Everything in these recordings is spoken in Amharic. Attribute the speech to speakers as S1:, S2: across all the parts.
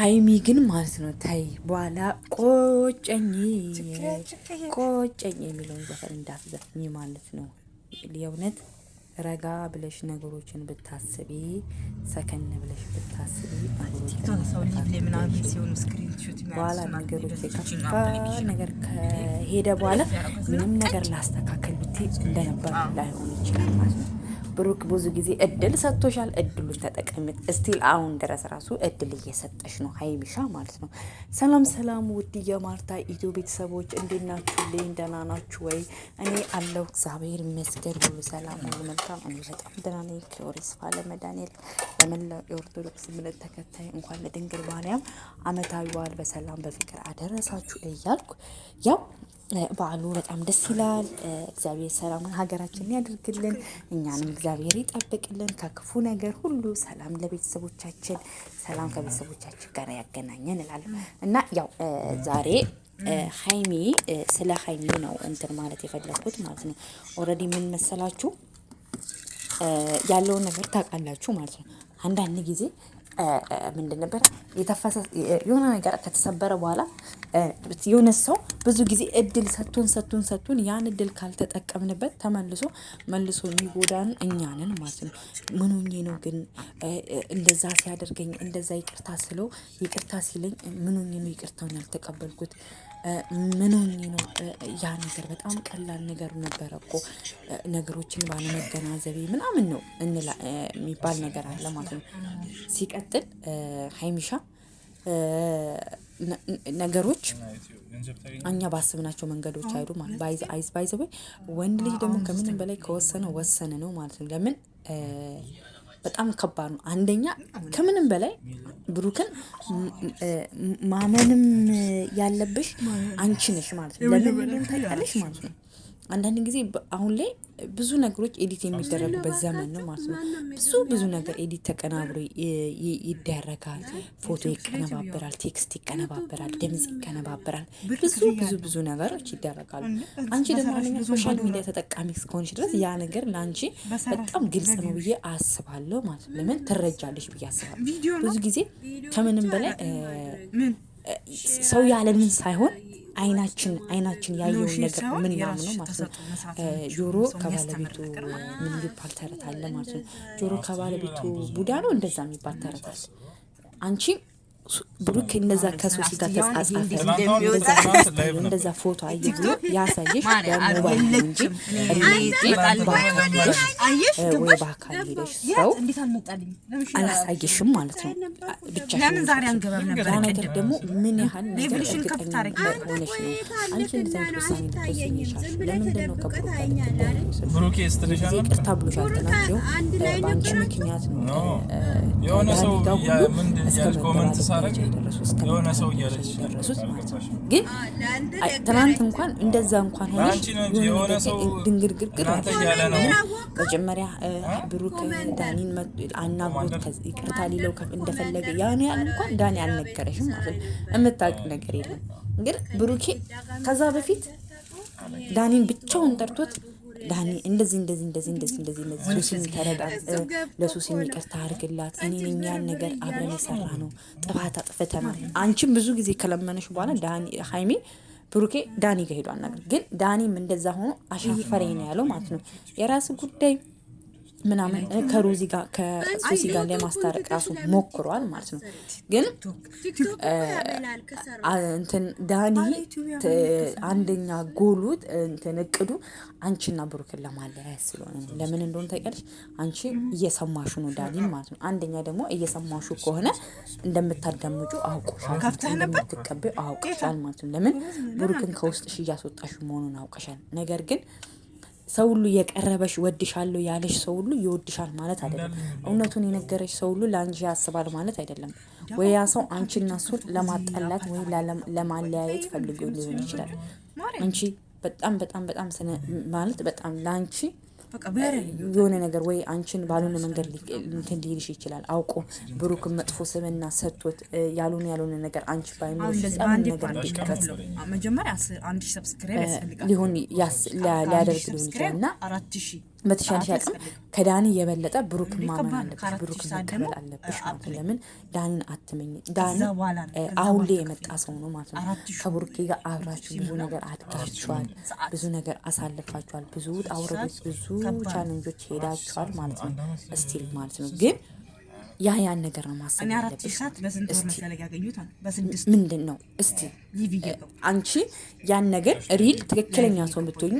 S1: ሀይሚ ግን ማለት ነው ታይ በኋላ ቆጨኝ ቆጨኝ የሚለውን ዘፈን እንዳትዘፍኝ ማለት ነው። የእውነት ረጋ ብለሽ ነገሮችን ብታስቢ፣ ሰከን ብለሽ ብታስቢ በኋላ ነገሮች የከፋ ነገር ከሄደ በኋላ ምንም ነገር ላስተካከል ብትይ እንደነበር ላይሆን ይችላል ማለት ነው። ብሩክ ብዙ ጊዜ እድል ሰጥቶሻል። እድሎች ተጠቀሚት። እስቲል አሁን ድረስ ራሱ እድል እየሰጠሽ ነው ሀይሚሻ ማለት ነው። ሰላም ሰላም፣ ውድ የማርታ ኢትዮ ቤተሰቦች እንዴት ናችሁልኝ? ደህና ናችሁ ወይ? እኔ አለው እግዚአብሔር ይመስገን፣ ሁሉ ሰላም፣ ሁሉ መልካም። እኔ በጣም ደህና ነኝ። ሪስፋ ለመድኃኒዓለም ለመላው የኦርቶዶክስ እምነት ተከታይ እንኳን ለድንግል ማርያም አመታዊ በዓል በሰላም በፍቅር አደረሳችሁ እያልኩ ያው በዓሉ በጣም ደስ ይላል። እግዚአብሔር ሰላሙን ሀገራችንን ያድርግልን፣ እኛንም እግዚአብሔር ይጠብቅልን ከክፉ ነገር ሁሉ። ሰላም ለቤተሰቦቻችን፣ ሰላም ከቤተሰቦቻችን ጋር ያገናኘን እላለሁ እና ያው ዛሬ ሀይሚ ስለ ሀይሚ ነው እንትን ማለት የፈለግኩት ማለት ነው። ኦልሬዲ ምን መሰላችሁ ያለውን ነገር ታውቃላችሁ ማለት ነው። አንዳንድ ጊዜ ምንድን ነበር የሆነ ነገር ከተሰበረ በኋላ የሆነ ሰው ብዙ ጊዜ እድል ሰቱን ሰቱን ሰቱን ያን እድል ካልተጠቀምንበት ተመልሶ መልሶ የሚጎዳን እኛንን ማለት ነው። ምን ነው ግን እንደዛ ሲያደርገኝ እንደዛ ይቅርታ ስለው ይቅርታ ሲለኝ ምን ነው ይቅርታውን ያልተቀበልኩት? ምን ነው ያ ነገር በጣም ቀላል ነገር ነበረ እኮ ነገሮችን ባለመገናዘቤ ምናምን ነው የሚባል ነገር አለ ማለት ነው። ሲቀጥል ሀይሚሻ ነገሮች እኛ ባስብናቸው መንገዶች አይዱ ማለት ባይዘ ወንድ ልጅ ደግሞ ከምንም በላይ ከወሰነ ወሰነ ነው ማለት ነው። ለምን በጣም ከባድ ነው። አንደኛ ከምንም በላይ ብሩክን ማመንም ያለብሽ አንቺ ነሽ ማለት ነው። ለምን ታውቂያለሽ ማለት ነው አንዳንድ ጊዜ አሁን ላይ ብዙ ነገሮች ኤዲት የሚደረጉበት ዘመን ነው ማለት ነው። ብዙ ብዙ ነገር ኤዲት ተቀናብሮ ይደረጋል። ፎቶ ይቀነባበራል፣ ቴክስት ይቀነባበራል፣ ድምፅ ይቀነባበራል። ብዙ ብዙ ብዙ ነገሮች ይደረጋሉ። አንቺ ደግሞ አንደኛ ሶሻል ሚዲያ ተጠቃሚ እስከሆንሽ ድረስ ያ ነገር ለአንቺ በጣም ግልጽ ነው ብዬ አስባለሁ ማለት ነው። ለምን ትረጃለሽ ብዬ አስባለሁ። ብዙ ጊዜ ከምንም በላይ ሰው ያለምን ሳይሆን አይናችን አይናችን ያየውን ነገር ምን ያም ነው ማለት ነው። ጆሮ ከባለቤቱ ምን የሚባል ተረት አለ ማለት ነው። ጆሮ ከባለቤቱ ቡዳ ነው እንደዛ የሚባል ተረት አለ። አንቺ ብሩክ እነዛ ከሶስት ጋር ተጻጻፈ እንደዛ ፎቶ አይዙ ያሳየሽ በሞባይል እንጂ ወይ በአካል ሄደሽ ሰው አላሳየሽም ማለት ነው። ብቻ ነገር ደግሞ ምን ያህል ሆነሽ ነው አንቺ እንደዚህ ዓይነት ውሳኔ ልትወስኝ ለምንድን ነው ከብሩክ ቅርታ ብሎሻል ትናቸው በአንቺ ምክንያት ነው ሁሉ እስከ መገባደል የደረሱት ማለት ነው። ግን ትናንት እንኳን እንደዛ እንኳን ሆነሽ ድንግርግርግር መጀመሪያ ብሩክ ዳኒን አናግሮት ይቅርታ ሊለው እንደፈለገ ያን ያህል እንኳን ዳኒ አልነገረሽም ማለት ነው። የምታውቅ ነገር የለም። ግን ብሩኬ ከዛ በፊት ዳኒን ብቻውን ጠርቶት ዳኒ እንደዚህ እንደዚህ እንደዚህ እንደዚህ እንደዚህ እንደዚህ ሱሲን ተረዳት፣ ለሱሲም ይቅርታ አድርግላት። እኔን እኛን ነገር አብረን የሰራ ነው ጥፋት አጥፍተናል። አንቺም ብዙ ጊዜ ከለመነሽ በኋላ ዳኒ ሀይሜ ብሩኬ ዳኒ ጋር ሄዷል። ነገር ግን ዳኒም እንደዛ ሆኖ አሻፈረኝ ነው ያለው ማለት ነው። የራስ ጉዳይ ምናምን ከሮዚ ጋር ከሱሲ ጋር ለማስታረቅ ራሱ ሞክሯል ማለት ነው። ግን እንትን ዳኒ አንደኛ ጎሉ እንትን እቅዱ አንቺና ብሩክን ለማለያየት ስለሆነ ነው። ለምን እንደሆነ ታውቂያለሽ። አንቺ እየሰማሹ ነው ዳኒን ማለት ነው። አንደኛ ደግሞ እየሰማሹ ከሆነ እንደምታዳምጩ አውቆሻል፣ እንደምትቀበዩ አውቀሻል ማለት ነው። ለምን ብሩክን ከውስጥሽ እያስወጣሽ መሆኑን አውቀሻል። ነገር ግን ሰው ሁሉ የቀረበሽ ወድሻለሁ ያለሽ ሰው ሁሉ ይወድሻል ማለት አይደለም። እውነቱን የነገረሽ ሰው ሁሉ ለአንቺ ያስባል ማለት አይደለም። ወይ ያ ሰው አንቺና እና እሱን ለማጣላት ወይ ለማለያየት ፈልጎ ሊሆን ይችላል። አንቺ በጣም በጣም በጣም ማለት በጣም ለአንቺ የሆነ ነገር ወይ አንቺን ባልሆነ መንገድ እንትን ሊልሽ ይችላል። አውቆ ብሩክ መጥፎ ስምና ሰጥቶት ያልሆነ ያልሆነ ነገር አንቺ ባይሞሽ ሊሆን ሊያደርግ ሊሆን ይችላል እና አራት በተሻለሽ አቅም ከዳኒ የበለጠ ብሩክ ማመን አለብሽ፣ ብሩክ መቀበል አለብሽ ማለት ለምን ዳኒን አትመኝ። ዳኒ አሁን ላይ የመጣ ሰው ነው ማለት ነው። ከብሩኬ ጋር አብራችሁ ብዙ ነገር አድጋችኋል፣ ብዙ ነገር አሳልፋችኋል፣ ብዙ ውጣ ውረዶች፣ ብዙ ቻለንጆች ሄዳችኋል ማለት ነው። እስቲል ማለት ነው ግን ያ ያን ነገር ነው
S2: ማሰብ ያለብሽ።
S1: ምንድን ነው እስቲ አንቺ ያን ነገር ሪል ትክክለኛ ሰው ብትሆኝ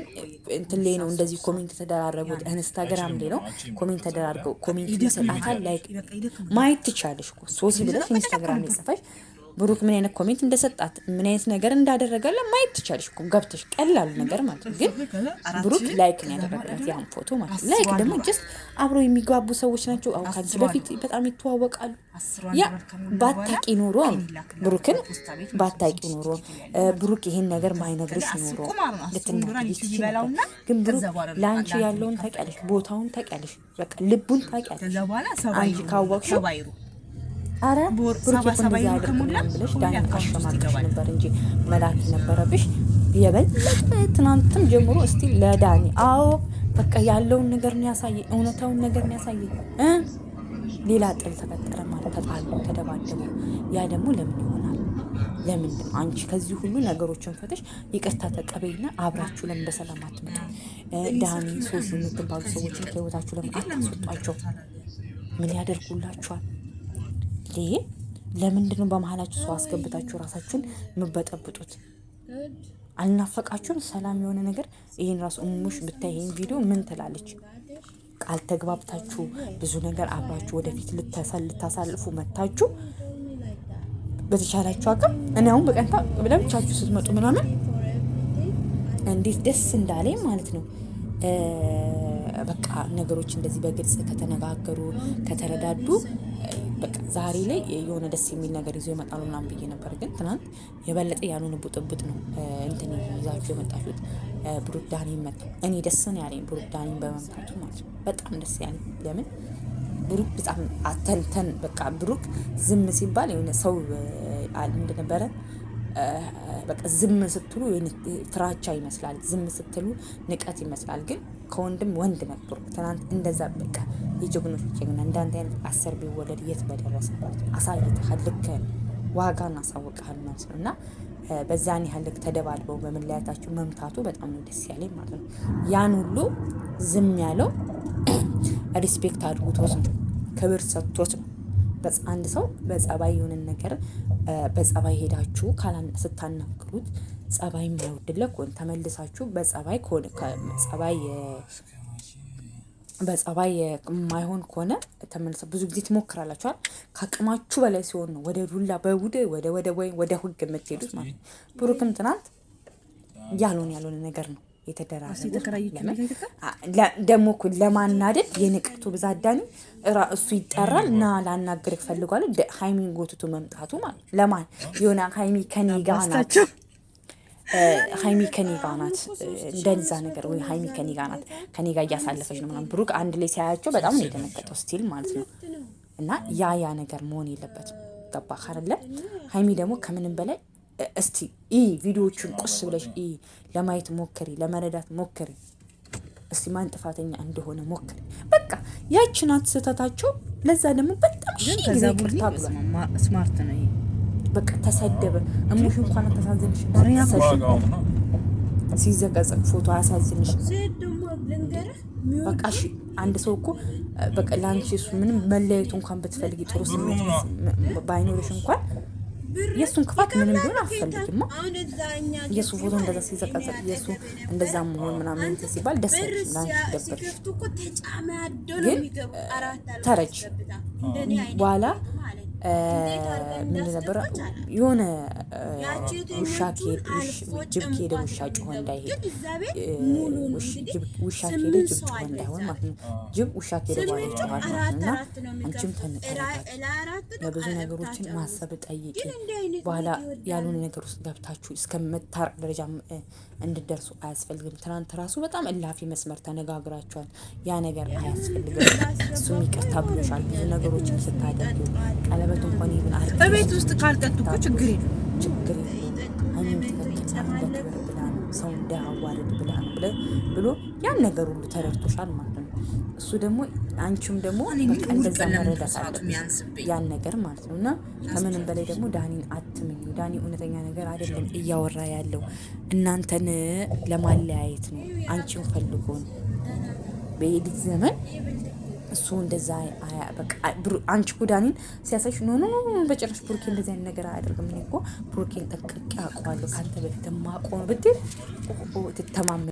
S1: እንትን ላይ ነው እንደዚህ ኮሜንት ተደራረጉት ኢንስታግራም ላይ ነው ኮሜንት ተደራርገው ኮሜንት ይሰጣታል። ላይክ ማየት ትቻለሽ እኮ ሶሲ ብለሽ ኢንስታግራም ላይ ጽፈሽ ብሩክ ምን አይነት ኮሜንት እንደሰጣት ምን አይነት ነገር እንዳደረገ ለማየት ትቻለሽ እኮ ገብተሽ፣ ቀላሉ ነገር ማለት ነው። ግን ብሩክ ላይክ ነው ያደረገላት ያን ፎቶ ማለት ነው። ላይክ ደግሞ ጀስት አብሮ የሚግባቡ ሰዎች ናቸው። አሁን ከዚህ በፊት በጣም ይተዋወቃሉ። ያ ባታቂ ኑሮ ብሩክን ባታቂ ኑሮ ብሩክ ይሄን ነገር ማይነግርሽ ኑሮ ልትናገሪች ይችላል። ግን ብሩክ ለአንቺ ያለውን ታውቂያለሽ፣ ቦታውን ታውቂያለሽ፣ በቃ ልቡን ታውቂያለሽ አንቺ ካወቅሽው አረ ብሩኬ እንደዛ ያደርግልኝ ብለሽ ዳኒ ካሸማቀሽ ነበር እንጂ መላክ ነበረብሽ። የበለጠ ትናንትም ጀምሮ እስቲ ለዳኒ አዎ፣ በቃ ያለውን ነገር ነው ያሳየ፣ እውነታውን ነገር ነው ያሳየ። ሌላ ጥል ተፈጠረ ማለት ተጣሉ፣ ተደባደቡ። ያ ደግሞ ለምን ይሆናል? ለምንድን ነው አንቺ ከዚህ ሁሉ ነገሮችን ፈተሽ ይቅርታ ተቀበይና አብራችሁ ለምን በሰላም አትመጡ? ዳኒ ሶስት የምትባሉ ሰዎችን ከህይወታችሁ ለምን አታስወጧቸው? ምን ያደርጉላችኋል? እንዴ ለምንድን ነው በመሀላችሁ ሰው አስገብታችሁ ራሳችሁን የምበጠብጡት? አልናፈቃችሁም? ሰላም የሆነ ነገር ይህን ራሱ እሙሽ ብታይ ይህን ቪዲዮ ምን ትላለች? ቃል ተግባብታችሁ ብዙ ነገር አብራችሁ ወደፊት ልታሳልፉ መታችሁ በተቻላችሁ አቅም እኔ አሁን በቀንታ ለብቻችሁ ስትመጡ ምናምን እንዴት ደስ እንዳለኝ ማለት ነው። በቃ ነገሮች እንደዚህ በግልጽ ከተነጋገሩ ከተረዳዱ በቃ ዛሬ ላይ የሆነ ደስ የሚል ነገር ይዞ ይመጣሉ ምናምን ብዬ ነበር፣ ግን ትናንት የበለጠ ያንን ቡጥቡጥ ነው እንትን ይዛችሁ የመጣችሁት። ብሩክ ዳኒ መጣ። እኔ ደስ ነው ያለኝ ብሩክ ዳኒ በመምጣቱ ማለት ነው። በጣም ደስ ያለኝ ለምን ብሩክ በጣም አተንተን በቃ ብሩክ ዝም ሲባል የሆነ ሰው እንደነበረ በቃ ዝም ስትሉ ፍራቻ ይመስላል፣ ዝም ስትሉ ንቀት ይመስላል ግን ከወንድም ወንድ ነበሩ። ትናንት እንደዛ በቃ የጀግኖች ጀግና እንዳንተ አይነት አስር ቢወለድ የት በደረሰ አሳይተሃል። ልክ ዋጋን አሳወቀሃል ማለት ነው እና በዛን ያህል ልክ ተደባድበው በመለያየታቸው መምታቱ በጣም ነው ደስ ያለኝ ማለት ነው። ያን ሁሉ ዝም ያለው ሪስፔክት አድርጉቶት ነው፣ ክብር ሰጥቶት ነው። አንድ ሰው በጸባይ የሆነን ነገር በጸባይ ሄዳችሁ ስታናግሩት ጸባይ የማይወድለ ከሆን ተመልሳችሁ በጸባይ ከሆነ ጸባይ በጸባይ የማይሆን ከሆነ ተመልሰ ብዙ ጊዜ ትሞክራላችኋል። ከአቅማችሁ በላይ ሲሆን ነው ወደ ዱላ በውድ ወደ ወደ ወይ ወደ ህግ የምትሄዱት ማለት ነው። ብሩክም ትናንት ያልሆነ ያልሆነ ነገር ነው ደግሞ እኮ ለማናደድ የንቀቱ ብዛት ዳኒ እሱ ይጠራል እና ላናገር ፈልጓል። ሀይሚን ጎትቶ መምጣቱ ማለት ለማን የሆነ ሀይሚ ከኔ ጋ ናቸው ሀይሚ ከኔጋ ናት እንደዛ ነገር ወይ ሀይሚ ከኔጋ ናት ከኔጋ እያሳለፈች ነው ምናምን ብሩክ አንድ ላይ ሲያያቸው በጣም ነው የደነገጠው ስቲል ማለት ነው። እና ያ ያ ነገር መሆን የለበትም ገባ ካለ ሀይሚ ደግሞ ከምንም በላይ እስቲ ኢ ቪዲዮዎቹን ቁስ ብለሽ ኢ ለማየት ሞክሪ፣ ለመረዳት ሞክሪ። እስቲ ማን ጥፋተኛ እንደሆነ ሞክሪ። በቃ ያችን አትስተታቸው። ለዛ ደግሞ
S2: በጣም ሺ ጊዜ ይቅርታ ብሏል። ስማርት ነው።
S1: በቃ ተሰደበ። እሙሽ እንኳን አታሳዝንሽ፣ ሲዘቀዘቅ ፎቶ አያሳዝንሽ። በቃ እሺ፣ አንድ ሰው እኮ በቃ ለአንቺ እሱ ምንም መለያየቱ እንኳን ብትፈልጊ ጥሩ ስሜት ባይኖርሽ እንኳን የእሱን ክፋት ምንም ቢሆን አትፈልጊማ። የእሱ ፎቶ እንደዛ ሲዘቀዘቅ የእሱ እንደዛ መሆን ምናምን ሲባል ደስ ላንቺ ደበርሽ፣ ግን ተረች በኋላ ምንድን የሆነ ውሻ ጅብ ከሄደ ውሻ እንዳይሄድ ውሻ ከሄደ ጅብ እንዳይሆን ማለት ነው። ጅብ ውሻ ከሄደ በኋላ ማለት እና አንቺም ለብዙ ነገሮችን ማሰብ ጠይቂ። በኋላ ያልሆነ ነገር ውስጥ ገብታችሁ ደረጃ እንድደርሱ አያስፈልግም። ትናንት ራሱ በጣም እላፊ መስመር ተነጋግራችኋል። ያ ነገር አያስፈልግም። እሱም ይቅርታ ብሎሻል። ብዙ ነገሮችን ጸበል እንኳን አርግ
S2: እቤት ውስጥ ካልጠጡ እኮ ችግር የለም
S1: ችግር የለም ሰው እንዳያዋርድ ብላ ነው ብለ ብሎ ያን ነገር ሁሉ ተረድቶሻል ማለት ነው። እሱ ደግሞ አንቺም ደግሞ በቃ እንደዛ መረዳት ያን ነገር ማለት ነው። እና ከምንም በላይ ደግሞ ዳኒን አትመኙ። ዳኒ እውነተኛ ነገር አይደለም እያወራ ያለው እናንተን ለማለያየት ነው። አንቺም ፈልጎ ነው በሄድት ዘመን እሱ እንደዛ አንቺ ጉዳኔን ሲያሳይሽ ኖ ኖ በጭራሽ ብሩኬ እንደዚህ አይነት ነገር አያደርግም። እኔ እኮ ብሩኬን ጠንቅቄ አውቀዋለሁ ከአንተ በፊት ማቆም ብትል ትተማመ